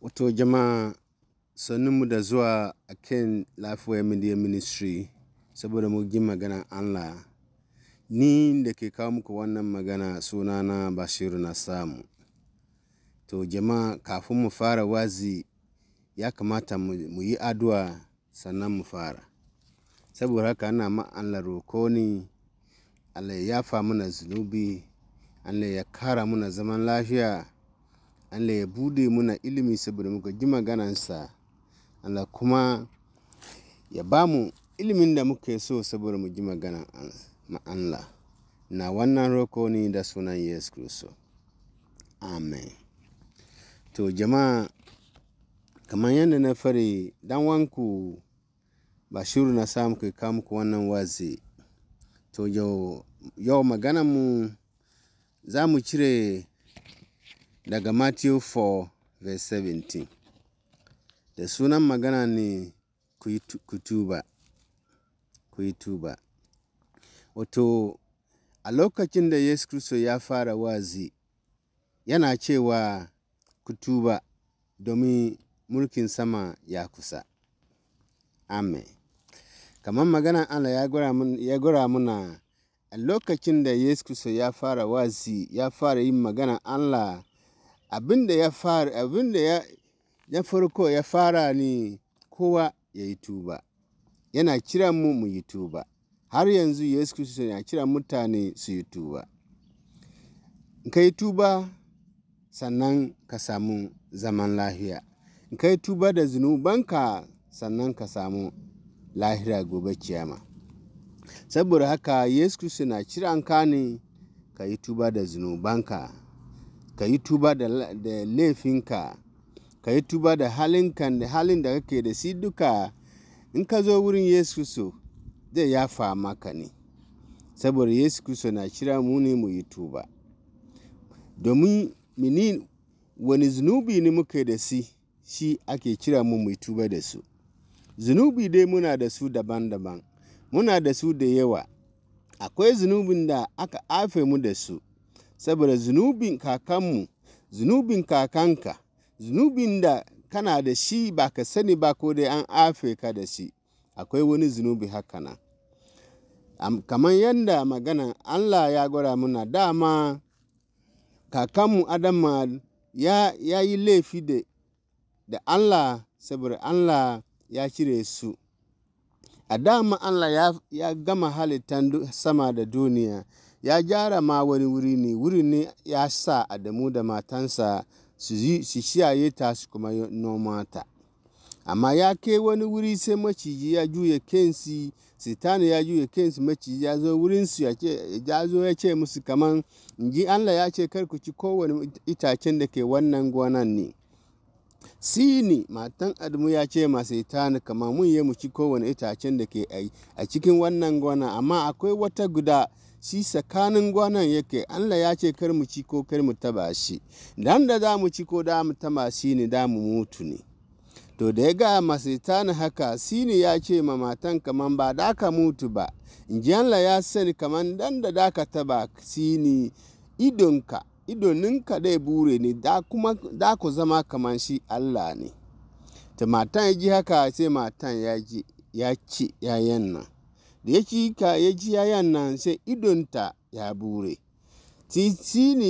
Wato jama'a sannunmu da zuwa a kan Lifeway Media Ministry saboda mu ji magana Allah. Ni da ke kawo muku wannan magana sunana Bashiru na samu. To jama'a kafin mu fara wazi ya kamata mu yi addu'a sannan mu fara. Saboda haka ana ma Allah roko ne, Allah ya yafa mana zunubi, Allah ya kara mana zaman lafiya, Allah ya bude muna ilimi saboda muka ji maganansa Allah kuma ya ba mu ilimin da muke so saboda mu ji maganan Allah na wannan roko ne da sunan Yesu Kristo amen to jama'a kamar yadda na fari dan wanku ba shiru na samu kai kawo muku wannan wazi to yau maganan mu za mu cire Daga Matthew 4, verse 17. Da sunan magana ne ku tuba, ku yi tuba. Wato, a lokacin da Yesu Kristo ya fara wazi, yana cewa ku tuba domin mulkin sama ya kusa. Amen. Kamar magana Allah ya gura muna a lokacin da Yesu Kristo ya fara wazi, ya fara yin magana Allah abin da ya farko ya fara ne kowa ya yi tuba yana kiran mu mu yi tuba har yanzu yesu kristo yana kiran mutane su yi tuba ka yi tuba sannan ka samu zaman in ka yi tuba da zunubanka sannan ka samu lahira gobe kiyama saboda haka yesu kristo na kiran ka ne ka yi tuba da zunubanka ka yi tuba da laifinka ka yi tuba da da halin da kake da si duka in ka zo wurin yesu so zai yafa maka ne saboda yesu kristo na shira mu ne mu yi tuba domin mini wani zunubi ne muka da shi shi ake kira mu mu yi tuba da su zunubi dai muna da su daban-daban muna da su da yawa akwai zunubin da aka afe mu da su saboda zunubin kakanmu zunubin kakanka zunubin da kana da shi ba ka sani ba ko dai an afe da shi akwai wani zunubi haka nan kamar yadda magana allah ya gwada muna dama kakanmu adama ya, ya yi laifi da allah saboda allah ya cire su a dama allah ya, ya gama halittan sama da duniya Ya gyara ma wani wuri ne, wurin ne ya sa Adamu da matansa su shiyaye ta su kuma noma ta. Amma ya kai wani wuri sai maciji ya juya kensi, Satan ya juya kensi maciji ya zo wurin su ya zo ya ce musu kaman, in ji Allah ya ce kar ku ci kowane itacen da ke wannan gonan ne. Sini matan Adamu ya ce ma Satan kaman mun yi mu ci kowane itacen da ke a cikin wannan gona amma akwai wata guda shi tsakanin gwanon yake Allah ya ce kar mu ci ko kar mu taba shi dan da za mu ci ko da mu taba shi ne da mu mutu ne to da ya ga masitani haka ne ya ce ma matan kaman ba da ka mutu ba la ya sani kaman dan da da ka taba ne idonka idoninka dai bure ne da kuma da ku zama kaman shi Allah ne ta matan ya ji haka sai matan ya ji ya ci yayan nan Da ya kika ya ji yayan nan sai idonta ya bure.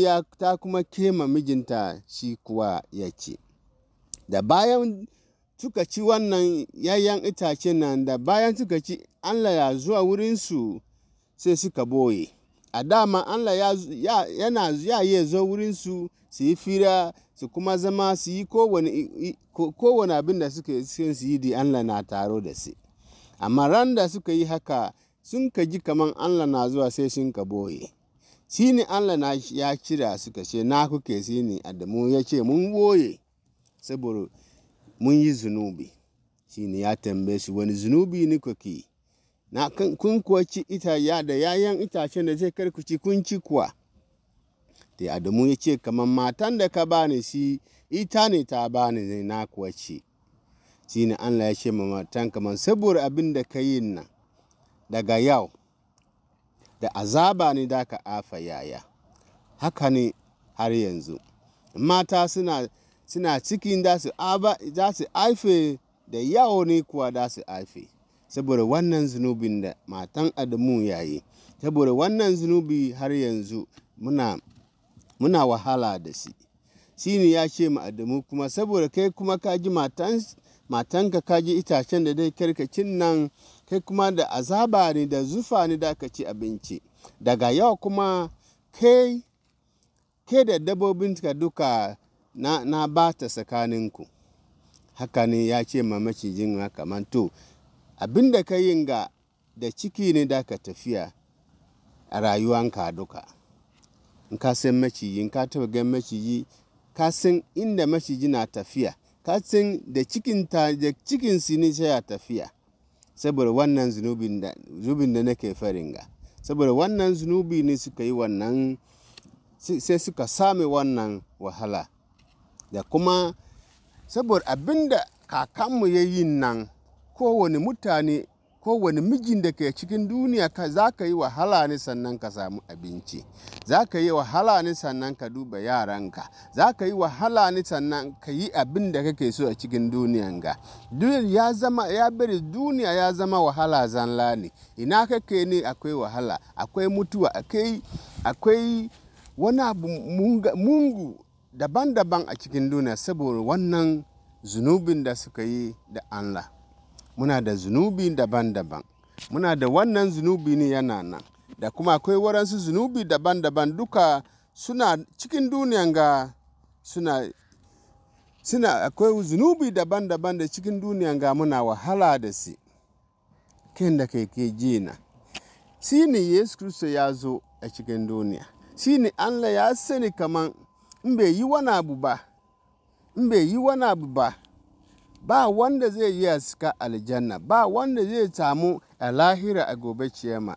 ya ta kuma kema mijinta shi kuwa ya ce, Da bayan suka ci wannan yayan itace nan da bayan suka ci Allah ya zuwa wurinsu sai suka boye. A dama Allah yana ya yi zo wurinsu su yi fira su kuma zama su yi kowane abin da suke su yi di Allah na taro da su. Amma ran da suka yi haka sun ka ji kamar Allah na zuwa sai sun ka boye. Shi ne Allah na ya kira suka ce na kuke shi ne Adamu ya ce mun boye saboda mun yi zunubi. Shi ne ya tambaye su wani zunubi ne kuke na kun kuwa ci ya da yayan itacen da zai karku kun ci kuwa. Da Adamu ya ce kamar matan da ka bani shi ita ne ta bani na kuwa ci. shine Allah ya ce ma matan kamar saboda abin da ka yi nan daga yau da azaba ne da ka afa yaya haka ne har yanzu mata suna suna cikin da su aife da yawo ne kuwa da su aife saboda wannan zunubin da matan adamu ya yi saboda wannan zunubi har yanzu muna wahala da shi ne ya ce ma adamu kuma saboda kai kuma ka ji matan matanka ka ji itacen da dai karkacin nan kai kuma da azaba ne da zufa ne da aka ci abinci daga yau kuma kai ke da ka duka na, na ba ta tsakaninku haka ne ya ce ma macijin kamar to abin da ka yin ga da ciki ne da ka tafiya a rayuwanka duka in ka san maciji in ka taba gan maciji ka san inda maciji na tafiya kasan da cikinta da cikin sini sai tafiya saboda wannan zunubin da nake farin ga saboda wannan zunubi ne suka yi wannan sai suka same wannan wahala da kuma saboda abinda kakanmu ya yi nan kowane mutane kowane mijin da ke cikin duniya ka za ka yi wahala ne sannan ka samu abinci za ka yi wahala ne sannan ka duba yaranka za ka yi wahala ne sannan ka yi abin da kake so a cikin duniyan ga ya zama ya bari duniya ya zama wahala zanla ne ina kake ne akwai wahala akwai mutuwa akwai akwai wani abu mungu daban-daban a cikin duniya saboda wannan zunubin da suka yi da Allah. muna da zunubi daban-daban muna da wannan zunubi ne yana nan da kuma akwai waransu zunubi daban-daban duka suna cikin duniyan ga suna suna akwai zunubi daban-daban da cikin duniyan ga muna wahala da si kin da kai ke ji na shi ne yesu kristo ya zo a cikin duniya shi ne allah ya sani kaman in bai yi wani abu ba in bai yi wani abu ba ba wanda zai yi a suka aljanna ba wanda zai samu a lahira a gobe ciyama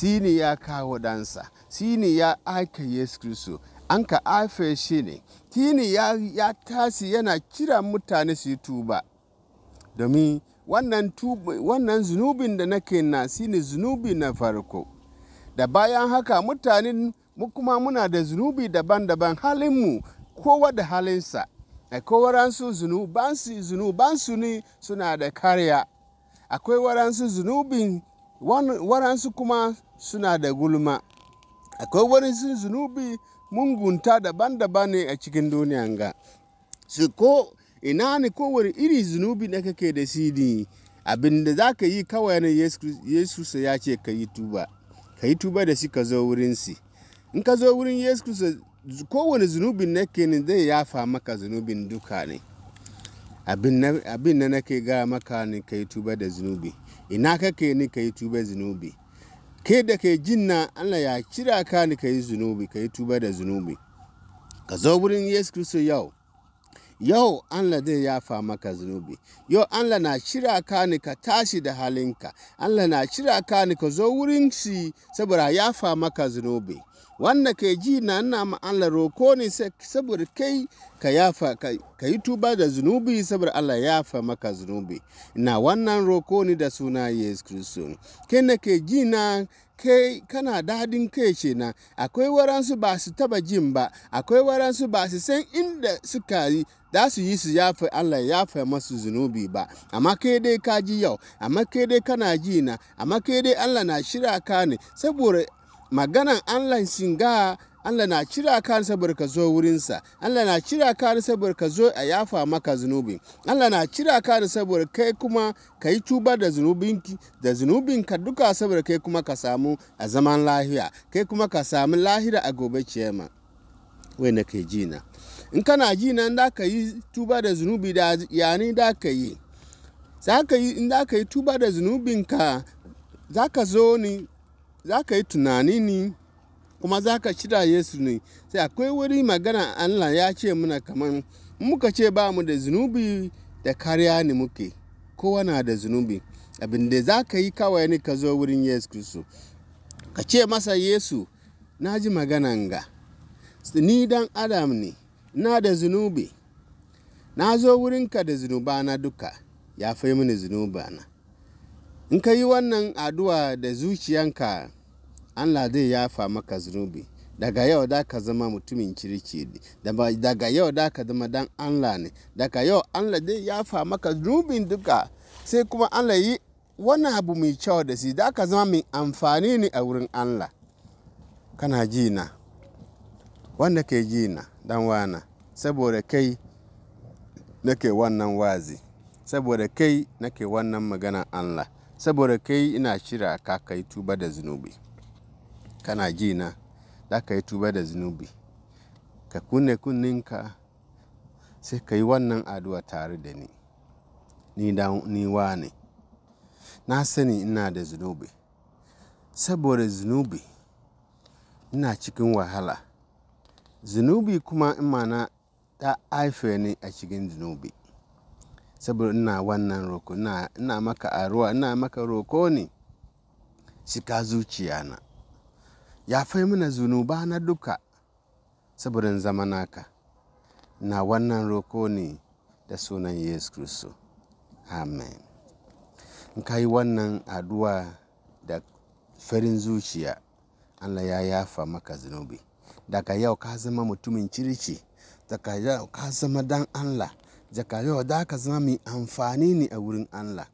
shi ne ya kawo dansa shi ne ya aika yesu kristo an ka afe shi ne shi ne ya, tasi yana kira mutane su yi tuba domin wannan, zunubin da nake na shi ne zunubi na farko da bayan haka mutane kuma muna da zunubi daban-daban halinmu kowa da halinsa akwai waransu zunubansu zunubansu ne suna da karya akwai waransu zunubin waransu kuma suna da gulma akwai waransu zunubi mungunta daban-daban ne a cikin duniyan ga su ko ina ne kowane iri zunubi da kake da sidi abin da za ka yi kawai ne yesu ya ce ka yi tuba ka yi tuba da shi ka zo wurinsi in ka zo wurin yesu kowane zunubin na ne zai yafa maka zunubin duka ne abin na nake ga maka ne ka yi tuba da zunubi ina kake ne ka yi tuba zunubi ke da ke jin na allah ya cira ka ne ka yi zunubi ka yi tuba da zunubi ka zo wurin yesu kristo yau yau allah zai yafa maka zunubi yau allah na cira ka ne ka tashi da halinka allah na cira ka ne ka zo wurin shi saboda yafa maka zunubi wanda ka ji na ina ma'ala roko ne saboda kai ka yafa ka yi tuba da zunubi saboda Allah ya fa maka zunubi na wannan roko ne da suna Yesu Kristo kai na ke ji na kai kana dadin kai ce na akwai waransu ba su taba jin ba akwai waransu ba su san inda suka yi da su yi su fa Allah ya fa masu zunubi ba amma kai dai ka ji yau amma kai dai kana ji na amma kai dai Allah na shirya ka ne saboda maganan Allah singa Allah na cira ka saboda ka zo wurinsa Allah na cira ka saboda ka zo a yafa maka zunubi Allah na cira ka saboda kai kuma ka yi tuba da zunubinki da zunubinka duka saboda kai kuma ka samu a zaman lahiya kai kuma ka samu lahira a gobe ciyama wai na kai jina in kana ji nan da ka yi tuba da zunubi da yani da ka yi za ka yi in da ka yi tuba da zunubinka za ka zo ni za ka yi tunani ne kuma za ka shira Yesu ne sai akwai wuri magana Allah ya ce muna kaman muka ce ba mu da zunubi da kariya ne muke kowa na da zunubi abin da za ka yi kawai ne ka zo wurin Yesu Kristo ka ce masa Yesu na ji magana ga ni dan adam ne na da zunubi na zo wurinka da zunubana duka ya fai mini zunubana in ka yi wannan addu'a da zuciyanka allah zai yafa maka zunubi daga yau da ka zama mutumin kirki ne daga yau da ka zama dan allah ne daga yau allah zai yafa maka zunubin duka sai kuma allah yi wannan abu mai kyau da si da ka zama mai amfani ne a wurin allah kana ji na wanda ke ji na dan wana saboda kai nake wannan wazi saboda kai nake wannan magana allah saboda kai ina shira ka ka yi tuba da zunubi kana ji na za ka yi tuba da zunubi ka kunne kunninka sai ka yi wannan addu'a tare da ni ni da ni wa ne na sani ina da zunubi saboda zunubi ina cikin wahala zunubi kuma imana ta haife ni a cikin zunubi saboda ina wannan roko ina, ina maka aruwa ina maka roko ne zuciya na fai mana zunuba na duka saboda zama naka na wannan roko ne da sunan yesu kristo amen in ka yi wannan addu'a da farin zuciya allah ya yafa maka zunubi daga yau ka zama mutumin kirki daga yau ka zama dan allah jaka yau da ka zama mai amfani ne a wurin Allah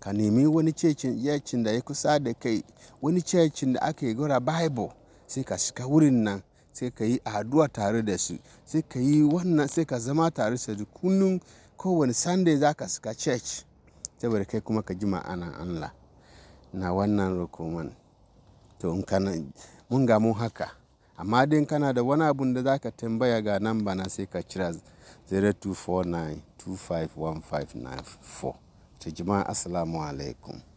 ka nemi wani cecin yacin da ya kusa da kai wani cecin da aka yi gora bible sai ka shiga wurin nan sai ka yi addu'a tare da su sai ka yi wannan sai ka zama tare da su kullum kowane sunday za ka shiga church saboda kai kuma ka ji ma'anan Allah na wannan rokoman to in kana mun gamu haka amma dai kana da wani abun da za ka tambaya ga nan bana sai ka cira 0249 251594. To jama'a assalamu alaikum.